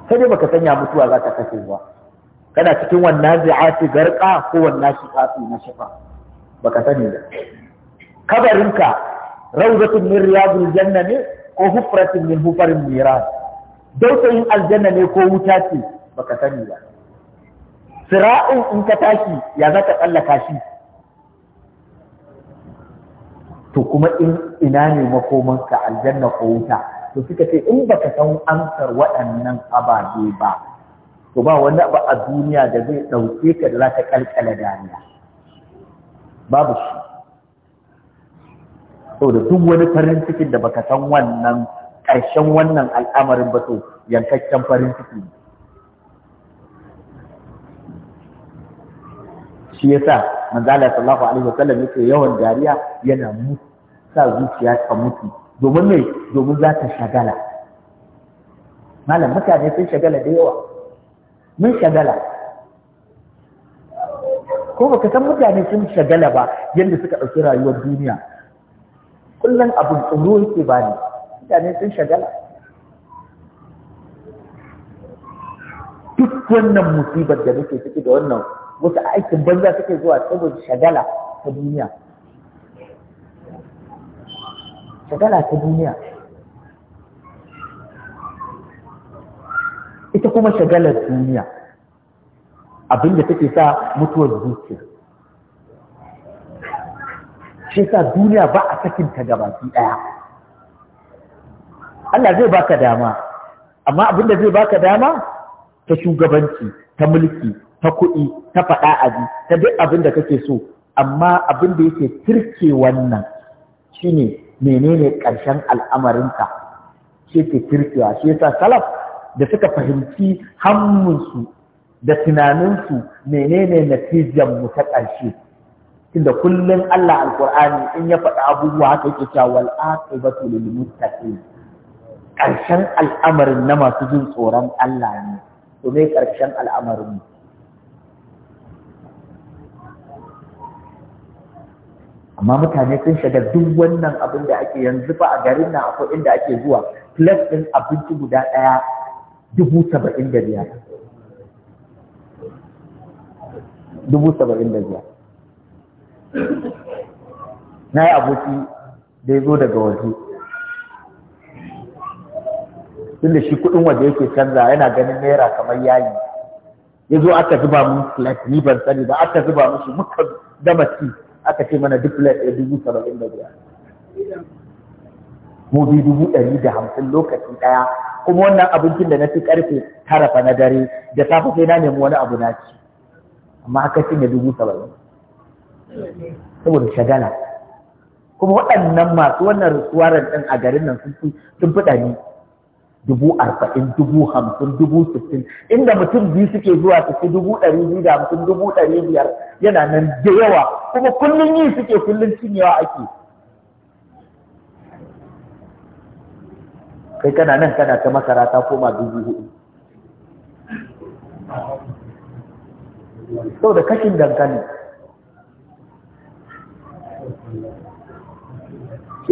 sai dai baka sanya mutuwa za ka kashe ba kana cikin wannan zi'ati garka ko wannan shifafi na Ba baka sani ba kabarinka rawdatun min riyadul janna ne ko hufratun min hufarin miras dautayin aljanna ne ko wuta ce baka sani ba sira'in in ka tashi ya za ka tsallaka shi to kuma in ina ne makomanka aljanna ko wuta to suka ce in baka san amsar waɗannan ababe ba to ba wani abu a duniya da zai ɗauke ka da za ka ƙalƙala dariya babu shi saboda duk wani farin cikin da baka san wannan ƙarshen wannan al'amarin ba to yankakken farin ciki ne shi yasa manzo Allah sallallahu alaihi wasallam yake yawan dariya yana mutu sa zuciya ta mutu domin me domin za ta shagala malam mutane sun shagala da yawa mun shagala ko baka san mutane sun shagala ba yadda suka ɗauki rayuwar duniya kullum abin tsoro yake ba ne mutane sun shagala duk wannan musibar da muke ciki da wannan wasu aikin banza kake zuwa saboda shagala ta duniya shagala ta duniya ita kuma shagalar duniya abinda take sa mutuwar zuciya shi sa duniya ba a sakinta gabaki ɗaya Allah zai baka dama amma abinda zai baka dama ta shugabanci ta mulki ta kuɗi ta faɗa abi ta duk abin da kake so amma abin da yake turke wannan shine menene ƙarshen al'amarinka shi ke turkewa shi yasa salaf da suka fahimci hammunsu da tunaninsu menene natijan mu ta ƙarshe tunda kullum Allah alƙur'ani in ya faɗa abubuwa haka yake cewa wal aqibatu lil muttaqin ƙarshen al'amarin na masu jin tsoron Allah ne to me ƙarshen al'amarin mu amma mutane sun shiga duk wannan abin da ake yanzu ba a garin nan akwai inda ake zuwa plus ɗin abinci guda ɗaya dubu saba'in da biyar dubu saba'in da biyar na yi aboki da ya zo daga waje tun da shi kuɗin waje yake canza yana ganin naira kamar yayi ya zo aka zuba mun flat ni ban sani ba aka zuba mushi muka gama ci aka ce mana duk lai ɗaya dubu saba'in da biyar mu bi dubu ɗari da hamsin lokaci ɗaya kuma wannan abincin da na fi ƙarfe tara fa na dare da safe sai na nemi wani abu na ci amma aka cinye dubu saba'in saboda shagala kuma waɗannan masu wannan rasuwarar ɗin a garin nan sun fi ɗani dubu arba'in dubu hamsin dubu sittin inda mutum biyu suke zuwa su dubu ɗari biyu da hamsin dubu ɗari biyar yana nan da yawa kuma kullum yi suke kullum cinyewa ake kai kana nan kana ta masara ta koma dubu hudu sau da kashin dankali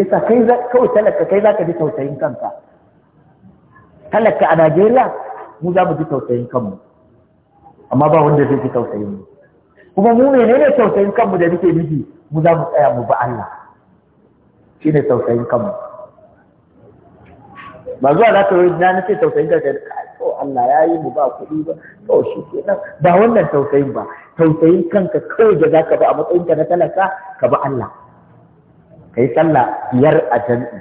yasa kai kawai talaka kai za ka ji tausayin kanka talaka a Najeriya mu za mu ji tausayin kanmu amma ba wanda zai ji tausayin mu kuma mu ne tausayin kanmu da muke miji mu za mu tsaya mu ba Allah shi ne tausayin kanmu ba zuwa za ta yi na nufi tausayin da to Allah ya yi mu ba kuɗi ba to shi kenan ba wannan tausayin ba tausayin kanka kawai da za ka ba a matsayinka na talaka ka ba Allah kai sallah biyar a jami'i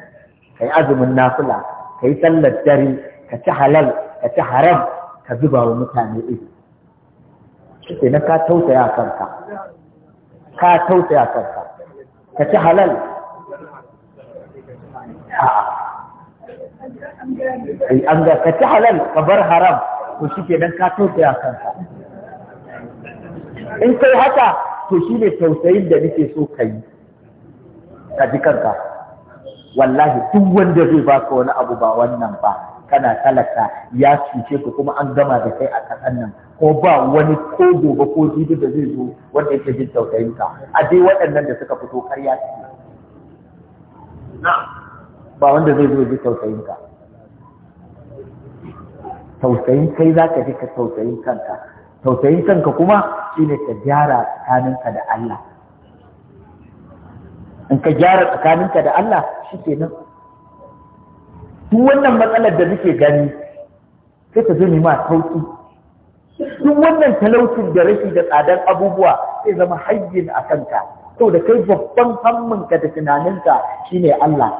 kai azumin nafila kai sallar dare ka ci halal ka ci haram ka zuba wa mutane ido shi na ka tausaya kanka ka tausaya kanka ka ci halal ai an ga ka ci halal ka bar haram to shi nan ka tausaya kanka in kai haka to shi ne tausayin da nake so ka yi ka ji kanka wallahi duk wanda zai baka wani abu ba wannan ba kana talaka ya cuce ku kuma an gama da kai a kasan nan ko ba wani ko gobe ko jibi da zai zo wanda yake jin tausayin ka a dai waɗannan da suka fito karya suke ba wanda zai zo ji tausayin ka tausayin kai za ka ji ka tausayin kanka tausayin kanka kuma shine ka gyara tsakaninka da Allah in ka gyara tsakaninka da Allah shikenan duk wannan matsalar da muke gani sai ta zo ma sauki duk wannan talaucin da rashi da tsadar abubuwa sai zama hayyin a kanka da kai babban ka da tunaninka shine Allah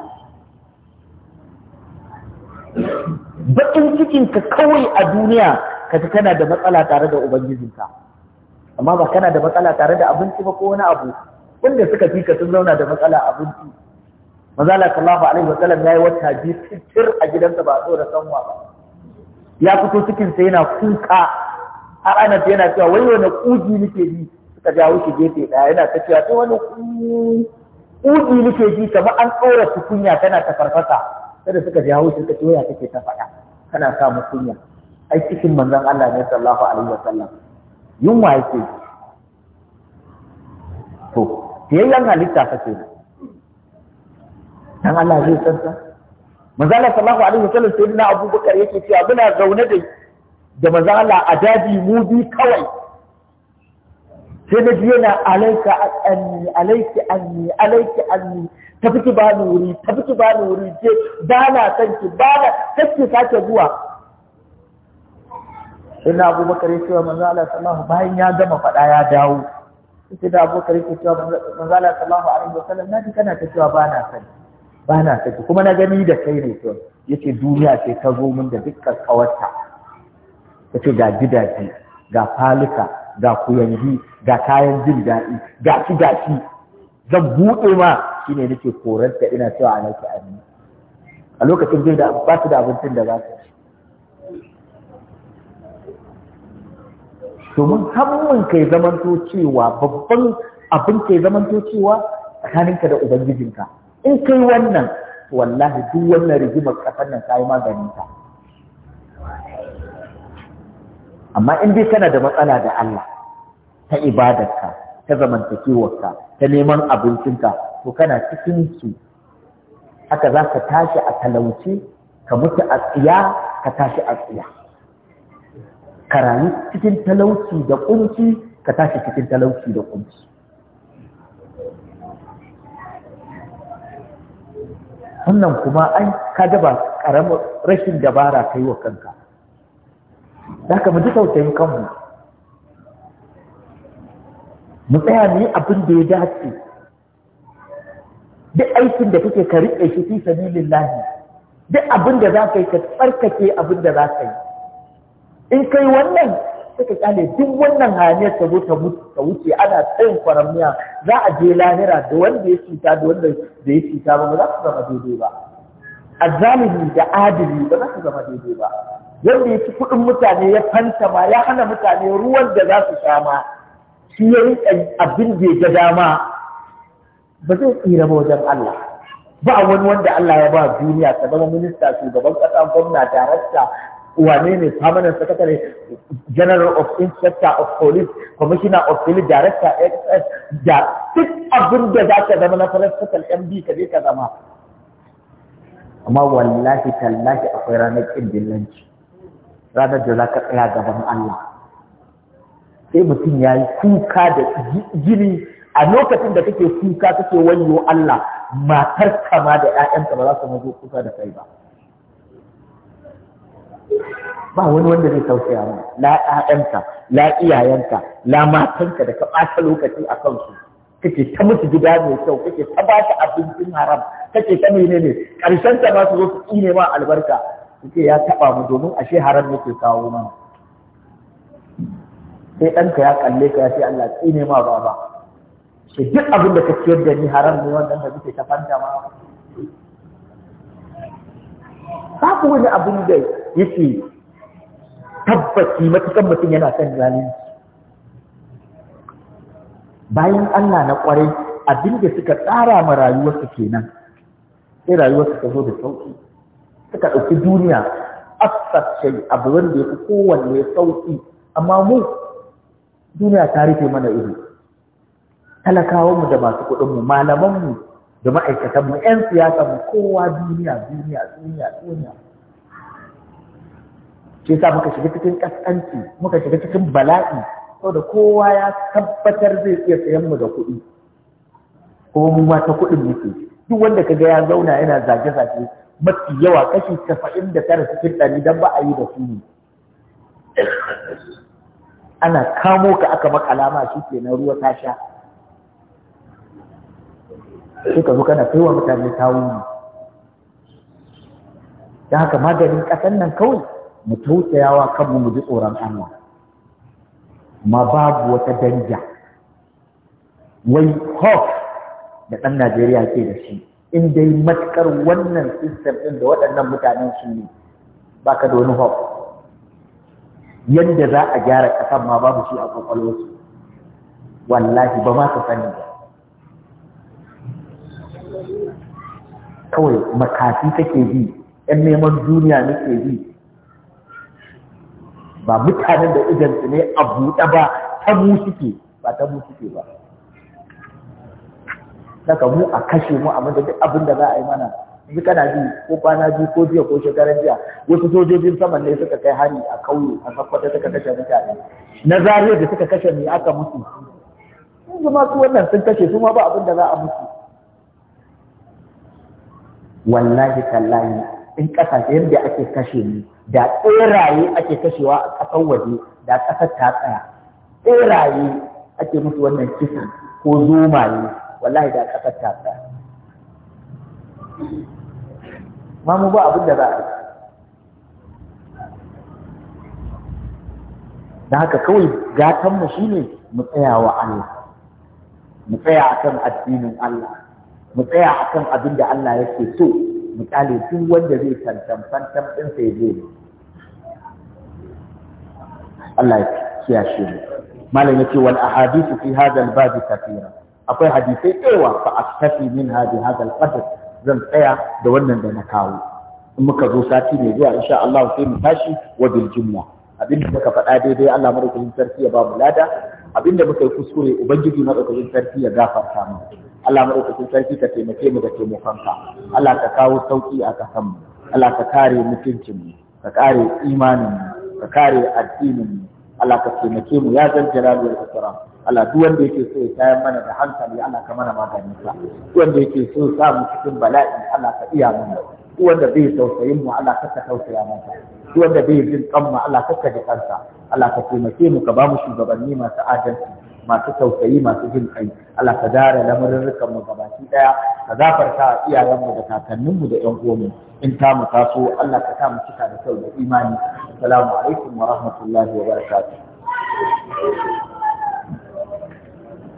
baƙin cikinka kawai a duniya ka ta kana da matsala tare da ubangijinka amma ba kana da matsala tare da abinci ba ko wani abu wanda suka fi ka sun zauna da matsala abinci manzo Allah sallallahu alaihi wasallam yayi wata biyu fitir a gidansa ba so da sanwa ba ya fito cikin sa yana kuka har ana yana cewa wai wani kuji nake ji suka jawo shi gefe daya yana ta cewa sai wani kuji nake ji kamar an tsora tukunya tana ta farfasa sai suka jawo shi suka ce waya take ta faɗa kana sa mu kunya ai cikin manzon Allah ne sallallahu alaihi wasallam yunwa yake to yayyan halitta kake ne dan Allah zai san sa manzala sallallahu alaihi wasallam sai na Abu Bakar yake cewa muna zaune da da manzala a daji mu bi kawai sai na ji yana alaika anni alaiki anni alaiki anni tafi ki bani wuri tafi ki bani wuri je ba na san ki ba na kake sake zuwa sai na Abu Bakar yake cewa manzala sallallahu bayan ya gama fada ya dawo sai da Abu Bakar ya cewa manzala sallallahu alaihi wasallam na ji kana ta cewa ba na san ba na saki kuma na gani da kai ne to yace duniya ce ta zo min da dukkan kawarta yace ga gidaje ga faluka ga kuyangi ga kayan jin daɗi ga shi ga zan buɗe ma shine nake korar da ina cewa a nake ni. a lokacin da ba su da abincin da za su ci domin hannun kai zamanto cewa babban abin kai zamanto cewa tsakaninka da ubangijinka in kai wannan wallahi duk wannan rigimar kasar nan kayi maganin ta amma in dai kana da matsala da Allah ta ibadarka ta zamantakewarka ta neman abincinka to kana cikin su haka za ka tashi a talauci ka mutu a tsiya ka tashi a tsiya ka rayu cikin talauci da kunci ka tashi cikin talauci da kunci sannan kuma an kaga ba karamin rashin dabara yi wa kanka da ka mu tautayin kanmu mu tsaya ne abin da ya dace duk aikin da kake ka riƙe shi fi lahi duk abin da za ka yi ka tsarkake abin da za ka yi in kai wannan suka kyale duk wannan hanyar ta zo ta wuce ana tsayin kwaramiya za a je lahira da wanda ya cuta da wanda da ya cuta ba za su zama daidai ba azzalimi da adili ba za su zama daidai ba wanda ya ci kuɗin mutane ya fanta ma ya hana mutane ruwan da za su sha ma shi ya yi abin da ga dama ba zai tsira ba wajen Allah ba wani wanda Allah ya ba duniya ta zama minista shugaban ƙasa gwamna darakta wane ne permanent secretary general of inspector of police commissioner of police director xs da duk abin da za ka zama na farasital md ka je ka zama amma wallahi tallahi akwai ranar ƙin dillanci ranar da za ka tsaya gaban Allah sai mutum ya yi kuka da jini a lokacin da kake kuka kake wayo Allah matar kama da ‘ya'yanka ba za su mazo kuka da kai ba. ba wani wanda zai tausaya mu la ƴaƴanka la iyayenka la matanka da ka ɓata lokaci a kansu kake ta musu gida mai kyau kake ta ba ta abincin haram kake ta menene karshen ta ma su zo su tsine ma albarka kake ya taɓa mu domin ashe haram yake kawo mana sai ɗanka ya kalle ka ya ce Allah tsine ma baba shi duk abin da ka ciyar da ni haram ne wannan da kake ta fanta ma babu wani abin da yake tabbaci matukan mutum yana son zalunci bayan Allah na kwarai abin da suka tsara ma rayuwarsu kenan sai rayuwarsu ta zo da sauki suka ɗauki duniya afsashe abu wanda ya fi kowanne sauki amma mu duniya ta rufe mana ido talakawanmu da masu kuɗinmu malamanmu da ma'aikatan mu yan siyasa mu kowa duniya duniya duniya duniya Ke sa muka shiga cikin kaskanci muka shiga cikin bala'i saboda kowa ya tabbatar zai iya sayan mu da kuɗi kuma mu ma ta kuɗin muke duk wanda ka ga ya zauna yana zage-zage mafi yawa kashi tafa'in da tara cikin ɗari don ba a yi da su ne ana kamo ka aka maka alama shi ke na ruwa ta sha sai ka zo kana kai wa mutane tawuni da haka maganin ƙasan nan kawai mu tausayawa kan mu ji tsoron Allah ma babu wata danja wai hof da ɗan Najeriya ke da shi in dai matukar wannan sistem ɗin da waɗannan mutanen su ne ba ka da wani hof yadda za a gyara ƙasan ma babu shi a ƙwaƙwalwarsu wallahi ba ma ka sani ba kawai makafi take bi ‘yan neman duniya nake bi ba mutanen da idansu ne a buɗe ba ta mu suke ba ta mu suke ba daga mu a kashe mu a madadin abin da za a yi mana yanzu kana ji ko kwana biyu ko jiya ko shekaran jiya wasu sojojin saman ne suka kai hari a kauye a sakwata suka kashe mutane na zariya da suka kashe mai aka mutu yanzu su wannan sun kashe su ma ba abin da za a mutu wallahi tallahi in ƙasashe yadda ake kashe ni da tsiraye ake kashewa a ƙasar waje da ƙasar ta tsaya tsiraye ake musu wannan kisa ko zomaye wallahi da ƙasar ta tsaya ma mu ba abin da za a yi da haka kawai gatanmu shine mu tsaya wa Allah mu tsaya akan addinin Allah mu tsaya a kan abin da Allah yake so mu kyale duk wanda zai tantan tantan din sai zai Allah ya kiyashe mu malam yace wal ahadithu fi hadha al bab kathira akwai hadisai tsewa fa aktafi min hadhi hadha al qadr zan tsaya da wannan da na kawo in muka zo sati mai zuwa insha Allah sai mu tashi wa bil jumla abin da muka faɗa daidai Allah madaukakin sarki ya ba mu lada abinda muka yi kuskure ubangiji madaukakin sarki ya gafarta mu Allah madaukakin sarki ka taimake mu da taimakonka Allah ka kawo sauki a kasan mu Allah ka kare mutuncin mu ka kare imanin mu ka kare addinin mu Allah ka taimake mu ya zan jalali wal ikram Allah duk wanda yake so ya tayar mana da hankali Allah ka mana maganin sa duk wanda yake so ya samu cikin bala'i Allah ka iya mu duk wanda bai tausayin mu Allah ka tausaya masa duk wanda bai jin kanmu Allah ka ji kansa Allah ka taimake mu ka ba mu shugabanni masu adalci masu tausayi masu jin kai Allah ka dare lamarin rukan mu gabaki daya ka iyayen iyayenmu da mu da 'yan uwanmu in ta mu taso Allah ka sa mu cika da kyau da imani assalamu alaikum wa rahmatullahi wa barakatuh